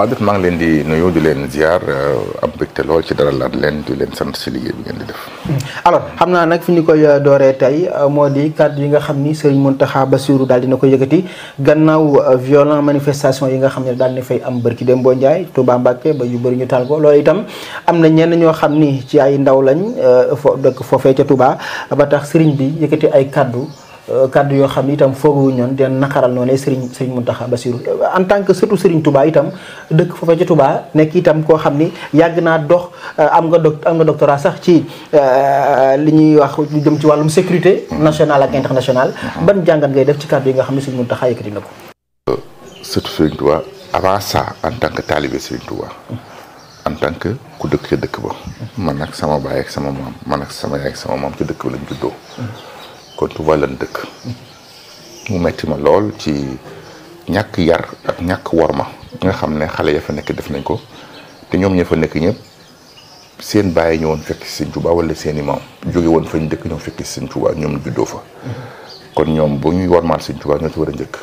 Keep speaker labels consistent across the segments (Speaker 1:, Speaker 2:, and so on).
Speaker 1: Xaadir maa ngi leen di nuyu di leen ziar euh, am mbégte lool ci dara laat leen di leen sant si liggéey bi
Speaker 2: ngeen def.
Speaker 3: Mm. alors xam naa nag fi ñu koy euh, dooree tey euh, moo di kàddu yi nga xam ni Serigne Mountakha Bassirou daal dina ko yëkkati gannaaw violent manifestation yi nga xam ne daal di fay am barki Dembo Ndiaye Touba Mbacké ba yu bëri ñu taal ko loolu itam am na ñenn ñoo xam ni ci ay ndaw lañ fo dëkk foofee ca Touba ba tax Serigne bi yëkkati ay kàddu. Euh, kaddu yoo xam ne itam fooguwu ñoon den naqaral noonu sëriñ sëriñ Muntaxa Basiru euh, en tant que surtout sëriñ Touba itam dëkk foofa ci Touba nekk itam koo xam ni yàgg naa dox euh, am nga doc am nga doctorat sax ci li ñuy wax lu jëm ci wàllum sécurité nationale ak internationale mhm. ban jàngat ngay def ci kaddu yi nga xam ne sëriñ Muntaxa yëkkati na ko
Speaker 1: surtout sëriñ Touba avant saa en tant que talibé sëriñ Touba mhm. en tant que ku dëkk ca dëkk ba mhm. man ak sama baay ak sama maam man ak sama yaay ak sama maam dëkk ba kon Touba lan dëkk mu metti ma lool ci ñàkk yar ak ñàkk ma nga xam ne xale ya fa nekk def nañ ko te ñoom ña fa nekk ñëpp seen bàyyi ñëwoon fekk si sëñ Touba wala seen i maam jóge woon fañ dëkk ñoom fekk si sëñ ñoom juddoo fa kon ñoom bu ñuy wormaal sëñ Touba ñoo ci war a njëkk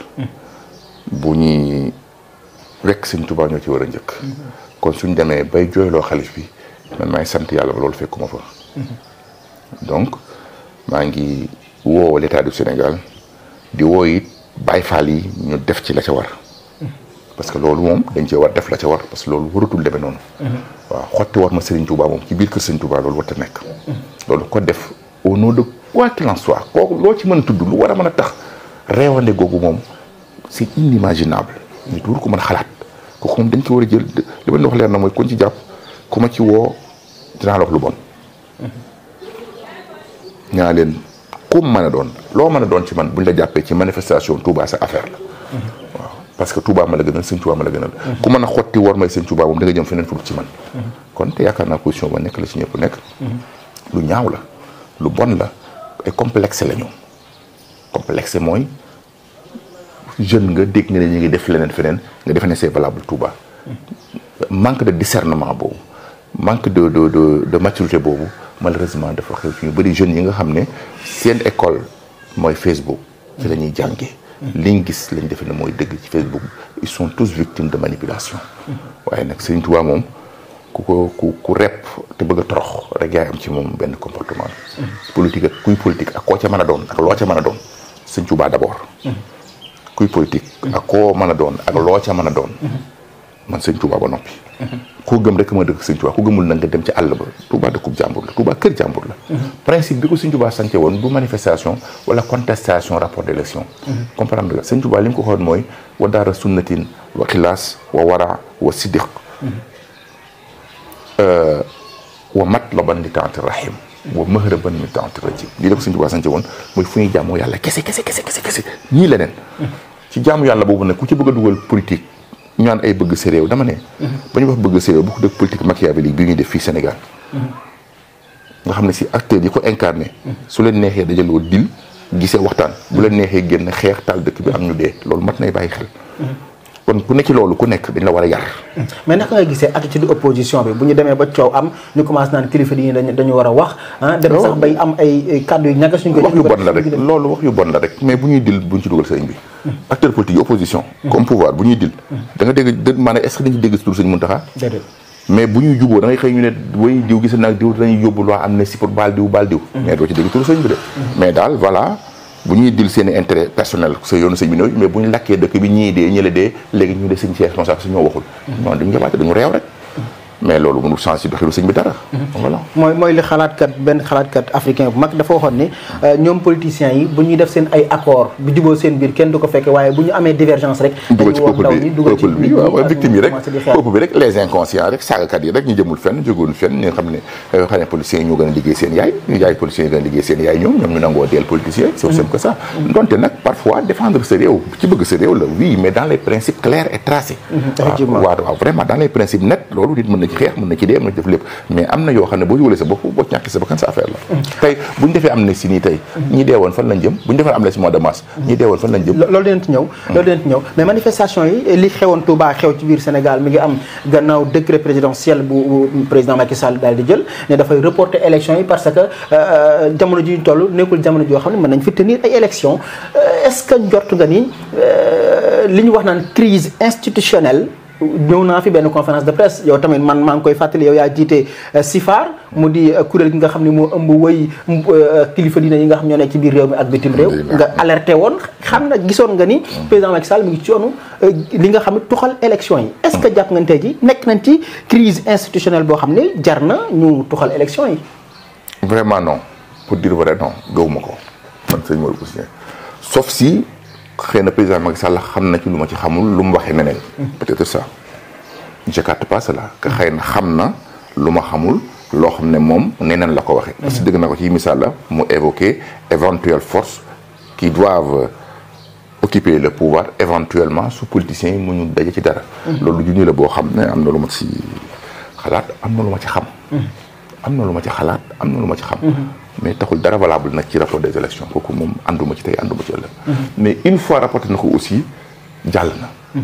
Speaker 1: bu ñuy wekk sëñ Touba ñoo ci war a njëkk kon suñ demee bay jooyloo xalif bi man maay sant yàlla ba loolu fekkuma fa
Speaker 2: mm-hmm.
Speaker 1: donc maa ngi woo l'état du Sénégal di woo it Baay Faal yi ñu def ci la ca war parce que loolu moom dañ ce war def la ca war parce que loolu waratul demee noonu mm-hmm. waaw xotti war ma Serigne Touba moom ci biir kër Serigne Touba loolu war a nekk mm-hmm. loolu ko def au nom de quoi qu'il en soit kooku loo ci mën a tudd lu war a mën a tax reewande googu moom c'est inimaginable nit wur ko mën a xalaat ko moom dañ ci war a jël li ma wax leer na mooy kon ci jàpp ku ma ci woo dinaa la wax lu bon ñaa mm-hmm. ku man a doon loo mën a doon ci man buñ la jàppee ci manifestation Touba sa affaire la waaw parce que Touba ma la gënal sëñ Touba ma la gënal ku mën a xotti war may sëñ Touba moom da nga jëm feneen fu ci man kon te yaakaar naa position ba nekk la ci ñëpp nekk lu ñaaw la lu bon la ay complexe la ñu complexe mooy jeune nga dégg nga ne ñu ngi def leneen feneen nga defe ne c'est valable Touba manque de discernement boobu manque de de de boobu malheureusement dafa xew fi ñu bëri jeunes yi nga xam ne seen école mooy Facebook ci la ñuy jàngee liñ gis lañ defe ne mooy dëgg ci Facebook ils sont tous victimes de manipulation waaye nag Sëriñ Tuubaa moom ku ko ku ku rep te bëgg a torox rek yaay ci moom benn comportement politique ak kuy politique ak koo ca mën a doon ak loo ca mën a doon Sëriñ Tuubaa d'abord
Speaker 2: mm-hmm.
Speaker 1: kuy politique ak koo mën a doon ak loo ca mën a doon man sëñ Touba ba noppi. koo gëm rek ma dëkk sëñ Touba ku gëmul na nga dem ci àll ba Touba dëkkub jàmbur la Touba kër jàmbur la. principe bi ko sëñ Touba sante woon rapport d' élection. comprendre nga sëñ li mu ko waxoon mooy wa daara sunnatin wa xilaas wa wara wa siddiq. wa mat la ban di taanti rahim. wa mëhëra ban mi taanti rajim lii la ko sëñ Touba sante woon mooy fu ñuy jaamu yàlla
Speaker 3: kese kese kese
Speaker 1: nii leneen. ci jaamu yàlla boobu nag ku ci bëgg a dugal politique. ñu naan ay bëgg sa réew dama ne. Mhm. ba ñu wax bëgg sa réew bu ko def politique machiavélique bi ñu def fii Sénégal. Mhm. nga xam ne si acteur yi ko incarné. Mhm. su leen neexee dajaloo dil gisee waxtaan. bu leen neexee genn xeex taal dëkk bi am ñu dee loolu mat nay bàyyi xel. kon ku ne ci loolu nekk dañ la war a yar.
Speaker 3: mais naka nga gisee ak ci di opposition bi bu ñu demee ba coow am ñu commencé naan kilifa yi dañu dañu war a wax. Ah, dem sax bay am ay kàddu yu ñagas suñ ko. wax wax
Speaker 1: yu bon la rek mais bu ñuy dil bu ñu ci dugal sëriñ bi. Hmm. acteur politique yi opposition. Hmm. comme pouvoir bu ñuy dil. Hmm. da dégg dë maanaam est ce que dañu dégg si turu sëñ mais bu ñuy juboo da xëy ñu ne way diw gis naag diw dinañ yóbbu loo am ne si pour baal diw baal diw. bu ñuy dil seen i intérêt personnel sa yoonu sëñ bi néew mais bu ñu lakkee dëkk bi ñii dee ñële dee léegi ñu de sëñ si responsable suñoo waxul ñoon mm-hmm. dañu jabaate dañu réew rek mais loolu mënul changé ci doxilu sëñ bi dara. Mhm.
Speaker 3: mooy mooy li xalaatkat benn xalaatkat africain bu mag dafa waxoon ni euh, ñoom politiciens yi bu ñuy def seen accord bu juboo seen biir kenn du ko fekke waaye bu ñu amee divergence rek. dugal ci
Speaker 1: peuple bi jëmul fenn jógul fenn ñi xam ne euh, xam ne politiciens yi gën a liggéey seen yaay yaay politiciens yi gën a liggéey seen yaay ñoom ñoom ñu nangoo deel politiciens c'est mhm. simple que ça donte nag parfois défendre sa réew na ci xeex mën na ci dee mën na ci def lépp mais am na yoo xam ne boo jógalee sa bopp boo ñàkkee sa bakkan sa affaire la tey bu ñu defee am na si nii tey ñi deewoon fan lañ jëm bu ñu defee am na si mois de mars ñi deewoon fan lañ jëm
Speaker 3: loolu dinañ ci ñëw loolu dinañ ci ñëw manifestation yi li xewoon Touba xew ci biir Sénégal mi ngi am gannaaw décret présidentiel bu président Macky Sall daal di jël ne dafay reporter élection yi parce que euh, euh, jamono ji ñu toll nekkul jamono joo xam ne mën nañ fi tenir ay élection euh, est-ce que njort nga ni li ñu wax naan crise institutionnelle ñëw naa fi benn conférence de presse yow tamit man maa ngi koy fàttali yow yaa jiite euh, SIFAR mu di euh, kuréel gi nga xam ne moo ëmb wëy euh, kilifa diine yi nga xam ñoo nekk ci biir réew mi ak bitim réew nga alerté woon xam na gisoon nga ni mm. président Macky Sall mu ngi ci yoonu li nga xam ne tuxal élection yi est-ce que jàpp nga tey ji nekk nañ ci crise institutionnelle boo xam ne jar na ñu tuxal élection yi
Speaker 1: vraiment non pour dire vrai non gëwuma ko man sëñ Mor Bousso sauf si xëy na président Macky Sall xam na ci lu ma ci xamul lu mu waxee neneen peut-être ça j'écarte pas cela que xëy na xam na lu ma xamul loo xam ne moom neneen la ko waxee parce que dëgg na ko ci misaal la mu évoqué éventuelle force qui doivent occuper le pouvoir éventuellement su politiciens yi mu ñu daje ci dara loolu ju ñu la boo xam ne am na lu ma ci xalaat am na lu ma ci xam na lu ma ci xalaat am na ma ci xam mais taxul dara valable nag ci rapport des élections kooku moom ànduma ci tey ànduma ci ëllëg mhm. mais une fois rapporté na ko aussi jàll na mhm.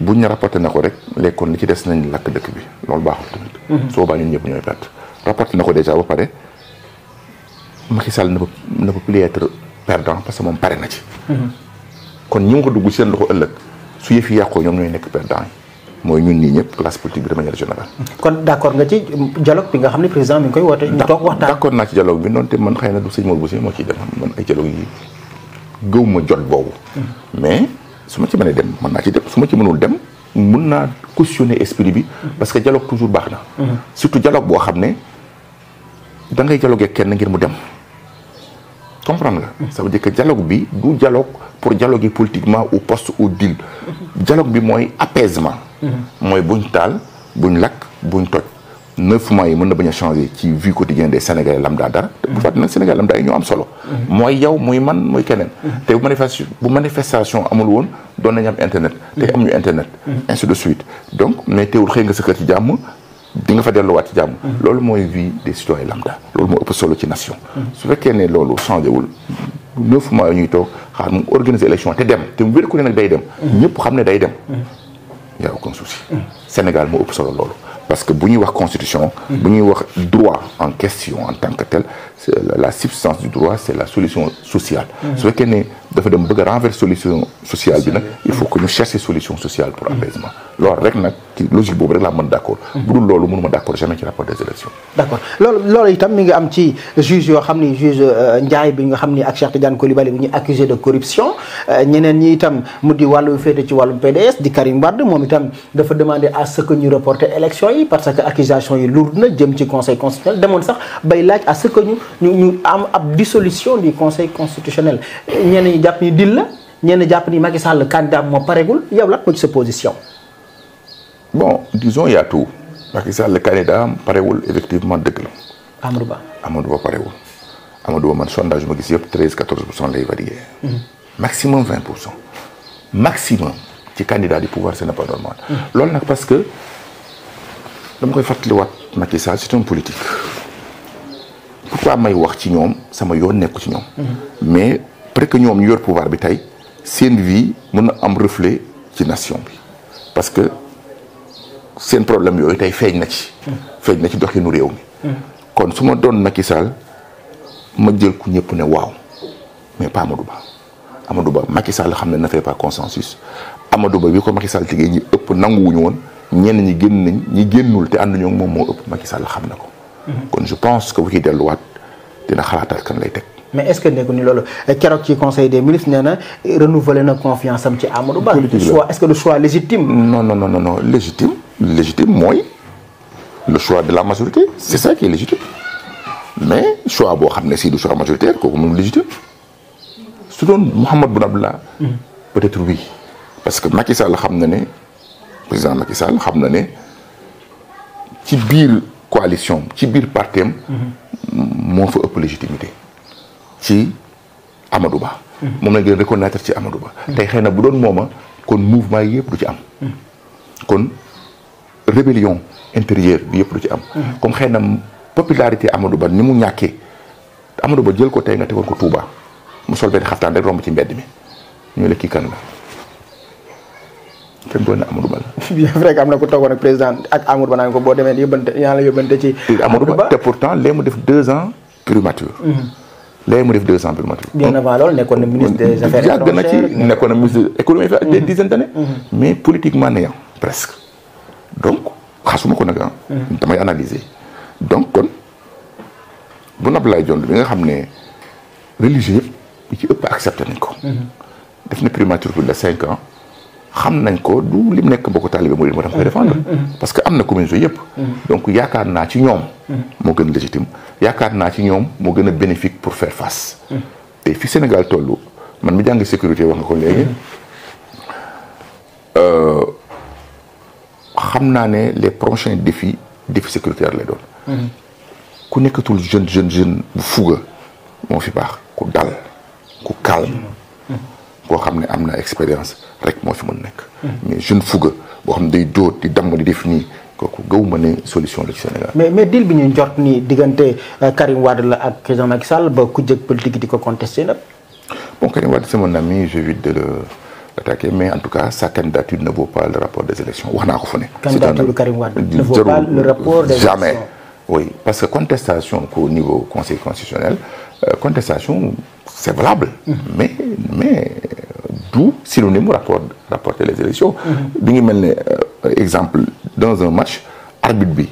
Speaker 1: bu ne rapporté na ko rek léegi kon li ci des nañ lakk dëkk bi loolu baaxul tamit mhm. soo baa ñun ñëpp ñooy perte na ko déjà ba pare Macky Sall ne peut ne peut plus perdant parce que moom pare na ci kon ñi ma ko dugg seen ko ëllëg su yëf yi yàqoo ñoom ñooy nekk perdant yi mooy ñun nii ñëpp classe politique bi de manière générale.
Speaker 3: kon d' nga ci dialogue bi nga xam ne président mi ngi koy woote. ñu toog
Speaker 1: waxtaan d' accord naa ci dialogue bi noonu man xëy na du sëñ Mor dem ma jot boobu. Hmm. mais su ma ci mënee dem mën naa ci dem su ma ci mënul dem mun naa cautionner esprit bi. Hmm. parce que dialogue toujours baax na. Hmm. surtout dialogue boo xam ne da ngay dialoguer kenn ngir mu dem. comprendre nga. ça veut dire que dialogue bi du dialogue pour dialoguer politiquement ou post au deal. dialogue bi mooy apaisement. mooy buñ taal buñ lakk buñ toj neuf mois yi mën na bañ a changer ci vie quotidienne des sénégalais lambda dara bu fàtte nag sénégalais lambda yi ñoo am solo mooy yow muy man muy keneen te bu manifestation bu manifestation amul woon doon nañu am internet te amuñu internet ainsi de suite donc mais teewul xëy nga sa kër ci jàmm di nga fa delluwaat ci jàmm loolu mooy vie des citoyens lambda loolu moo ëpp solo ci nation su fekkee ne loolu changé wul neuf mois yi ñuy toog xaar mu organiser élection te dem te mu wér ku nag day dem ñëpp xam ne day dem y a aucun souci Sénégal moo ëpp solo loolu parce que bu ñuy wax constitution bu ñuy wax droit en question en tant que tel la substance du droit c'est la solution sociale su fekkee ne dafa dem bëgg a renverser solution sociale bi nag il faut que ñu chercher solution sociale pour apaisement loolu rek nag ci logique boobu rek laa mën d' accord mm-hmm. bu dul loolu mënuma d' accord jamais ci rapport
Speaker 3: des itam mi ngi am ci juge yoo xam euh, bi nga xam ni ak Cheikh Tidiane Coulibaly bi ñu euh, itam mu di wàllu féete ci wàllu PDS di Karim Wade moom itam dafa demandé à ce ñu reporter élection yi parce que accusation yi lourd na jëm ci conseil constitutionnel demoon sax bay laaj à ce que ñu ñu ñu am ab dissolution du conseil constitutionnel ñi jàpp ni dil la ñenn jàpp ni Macky Sall candidat moo pareegul yow lan moo ci sa position.
Speaker 1: bon disons y a tout Macky Sall candidat parewul effectivement dëgg la. Amadou Ba Amadou Ba parewul Amadou Ba man sondage ma yëpp treize quatorze pour cent lay varié. Mhm. pour cent. maximum ci candidat du pouvoir ce n'est pas normal. Mhm. loolu nag parce que dama koy fàttaliwaat Macky Sall c'est un politique. pourquoi may wax ci ñoom sama yoon nekku ci ñoom. Mhm. mais après que ñoom ñu yor pouvoir bi tey seen vie mën a am reflet ci nation bi parce que seen problème yooyu tey feeñ na ci. feeñ na ci dox doxinu réew mi. kon su ma doon Macky Sall ma jël ku ñëpp ne waaw mais pas Amadou Ba Amadou Ba Macky Sall xam ne na fait pas consensus Amadou Ba ko Macky Sall tigee ñi ëpp nanguwuñu woon ñenn ñi génn nañ ñi génnul te ñoo moom moo ëpp Macky Sall xam na ko. Mhm. kon je pense ko bu ciy delluwaat dina xalaatal kan lay teg.
Speaker 3: mais est-ce que nekku ni loolu keroog ci conseil na confiance am ci Amadou Ba. choix
Speaker 1: est-ce que le choix légitime. non non non légitime légitime mooy le choix de la majorité c'est ça qui est légitime mais choix boo xam ne si du choix majoritaire kooku moom légitime su doon Mouhamed Boun peut-être oui parce que Macky xam na ne président Macky xam na ne ci biir coalition ci biir parti moo fa ëpp légitimité ci Amadou Ba. moom lañ gën reconnaître ci Amadou Ba. Hmm. tey xëy na bu doon mooma kon mouvement yi yëpp du ci am. Hmm. kon rébellion intérieure bi yëpp du ci am. comme xëy na popularité Amadou Ba ni mu ñàkkee Amadou Ba jël ko tey nga tegoon ko Touba mu sol benn xaftaan rek romb ci mbedd mi ñu la kii kan la. fem doon na Amadou Ba la.
Speaker 3: bien vrai que am na ko toogoon ak président ak Amadou Ba naan ko boo demee yóbbante yaa la yóbbante ci. Amadou Ba
Speaker 1: te pourtant lee mu def deux ans primature. Hmm. léegi mu def deux ans bi matul.
Speaker 3: bien avant loolu nekkoon na ministre des affaires étrangères
Speaker 1: yàgg na ci nekkoon na ministre de
Speaker 3: l'économie des mmh.
Speaker 2: mmh.
Speaker 1: mais politiquement néant presque. donc xasuma ko nag ah. Mmh. damay analyser donc kon bu Abdoulaye Dione bi nga xam ne religieux yëpp yi ci ëpp accepté nañ ko. def na primature de cinq ans. xam nañ ko du mu nekk mbokku taalibe murid moo tax koy défendre mm-hmm. Mm-hmm. parce que am na communauté yëpp mm-hmm. donc yaakaar naa ci ñoom moo gën légitime yaakaar naa ci ñoom moo gën a bénéfique pour faire face te fi Sénégal toll man mi jàng sécurité wax nga ko léegi euh, xam naa ne les prochains défis défis sécuritaires lay doon ku nekkatul jeune jeune jeune bu fuga moo fi baax ku dal ku calme koo xam ne am na expérience rek moo fi mën nekk. mais jeune fougue boo xam ne day dóor di damm di def nii kooku gaw ma ne solution la
Speaker 3: mais mais deal bi ñu njort nii diggante euh, Karim Wade la ak président ak Sall ba ku jëg politique di ko contesté nag.
Speaker 1: bon Karim Wade c'est mon ami j'évite de le attaquer mais en tout cas sa candidature ne vaut pas le rapport des élections wax naa ko fu ne. candidature Karim
Speaker 3: Wade jamais
Speaker 1: parce que contestation qu'au niveau conseil constitutionnel euh, contestation. c'est valable. Mm-hmm. mais mais d'où synonyme mu rapport rapporter les élections. Mm-hmm. bi ngi mel ne euh, exemple dans un match arbitre bi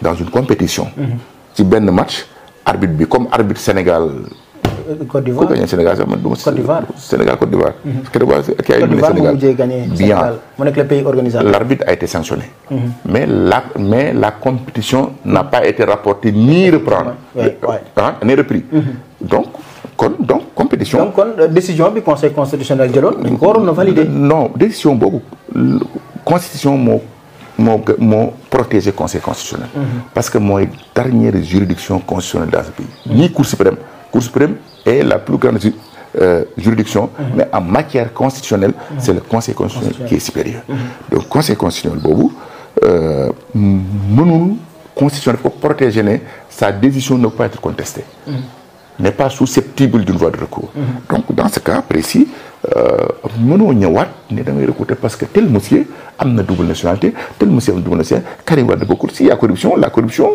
Speaker 1: dans une compétition. Mm-hmm. ci benn match arbitre bi comme arbitre Sénégal.
Speaker 3: Euh, Côte d'Ivoire ku gagné
Speaker 1: Sénégal sax man du d'Ivoire Sénégal d'Ivoire. Côte d'Ivoire l'arbitre a été sanctionné. mais la mais la compétition n'a pas été rapportée ni reprendre.
Speaker 3: Ah, ni repris. kon donc compétition. donc euh, décision bi conseil constitutionnel jëloon. dañ a euh,
Speaker 1: non décision boobu constitution moo moo moo protéger conseil constitutionnel. Mm-hmm. parce que mooy dernière juridiction constitutionnelle dans ce pays. nii cour suprême cour suprême est la plus grande euh, juridiction. Mm-hmm. mais en matière constitutionnelle. Mm-hmm. c'est le conseil constitutionnel qui est supérieur. donc conseil constitutionnel boobu mënul constitution daf ko protéger ne sa décision ne pas être contestée. n'est pas susceptible d'une voie de recours. Mmh. donc dans ce cas précis euh, mënoo ñëwaat ne da ngay recourir parce que tel monsieur am na double nationalité tel monsieur am na double nationalité Karim Wade bokkul s'il y a corruption la corruption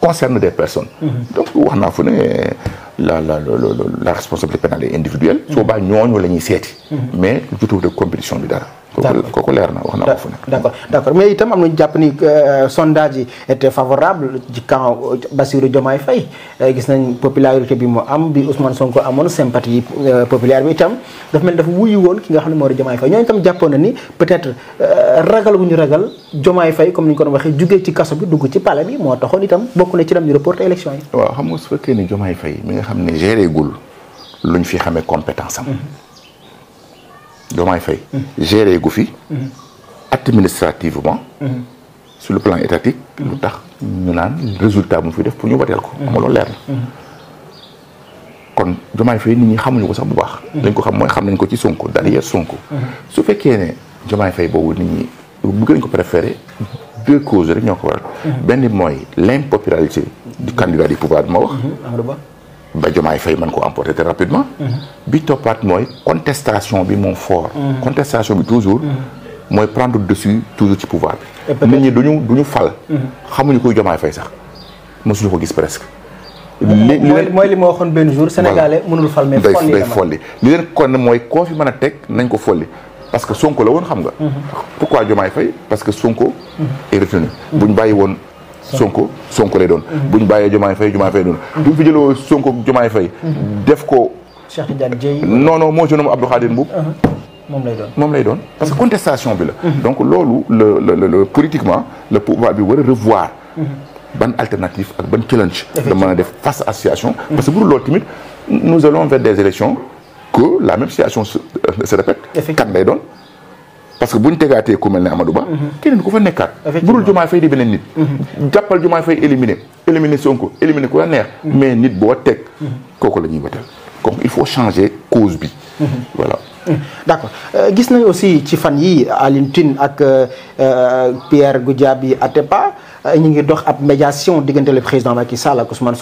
Speaker 1: concerne des personnes. Mmh. donc wax naa fu ne la la la responsabilité pénale est individuelle. soo baa ñooñu la ñuy seeti. Mm-hmm. mais du de compétition bi dara. kooku leer na wax na ko fu
Speaker 3: nekk. d' accord d' accord mais itam am nañu jàpp ni euh, sondage yi était favorable ci camp euh, Bassirou fay Faye euh, gis nañ popularité bi mu am bi Ousmane Sonko amoon sympathie populaire bi itam dafa mel dafa wuyu woon ki nga xam ne moo di Diomaye Faye ñooñu itam jàppoon na ni peut-être ragal gu ñu ragal Diomaye Faye comme ni ñu waxee jugee ci kaso bi dugg ci palais bi moo taxoon itam bokk na ci lam ñu reporté élection yi. waaw xam nga su fekkee ne Diomaye Faye
Speaker 1: mi nga xam ne géré gul luñ fi xamee compétence am. Mm-hmm. Diomaye Faye géré gu fi administrativement sur le plan étatique lu tax ñu naan résultat bu mu fi def pour ñu wateel ko ama loolu leer na kon Diomaye Faye nit ñi xamuñu ko sax bu baax dañ ko xam mooy xam nañ ko ci Sonko derrière Sonko su fekkee ne Diomaye Faye boobu nit ñi bëgg nañ ko préféré deux causes rek ñoo ko waral benn mooy l'impopularité du candidat du pouvoir ma wax ba Diomaye Faye mën ko emporter très rapidement mm-hmm. bi toppaat mooy contestation bi moom fort mm-hmm. contestation bi toujours
Speaker 2: mm-hmm.
Speaker 1: mooy prendre dessus toujours ci pouvoir bi nit ñi duñu duñu fal xamuñu koy Diomaye Faye sax mosuñu ko gis presque
Speaker 3: euh, li li ma waxoon
Speaker 1: benn jour sénégalais
Speaker 3: mënul fal mais folli
Speaker 1: leen kon mooy koo fi mën a teg nañ ko folli parce que Sonko la woon xam nga pourquoi Diomaye Faye parce que Sonko est retenu buñ bàyyi woon Sonko Sonko lay doon. Mhm. bu ñu bàyyee Diomaye Faye Diomaye Faye doon. Mhm. bi mu fi jëloo Sonko Diomaye Faye. Mhm. def ko.
Speaker 3: Cheikh Tidiane Dièye non non
Speaker 1: moo jëloon Abdou Khadir Mboup. moom lay doon parce que contestation bi la. donc loolu la la la politiquement le pouvoir bi war a revoir. ban alternative ak ban challenge. la mën a def face à situation. parce que bu dul loolu tamit nous allons vers des élections que la même situation se euh, se kan lay doon. parce que bu ñu tegaatee ku mel ne Amadou Ba. Mhm. keneen ku fa nekkaat. effectivement budul Diomaye Faye di beneen nit. Mhm. jàppal Diomaye Faye éliminer éliminer Sonko éliminer ku la neex. Mhm. mais nit boo teg. kooku la ñuy wëtal il faut changer cause bi.
Speaker 3: d'accord euh, gis nañ aussi ci fan yi Alioune ak euh, euh,
Speaker 2: Pierre Goudiaby Atepa ñu ngi dox ab médiation diggante le président Macky Sall ak Ousmane.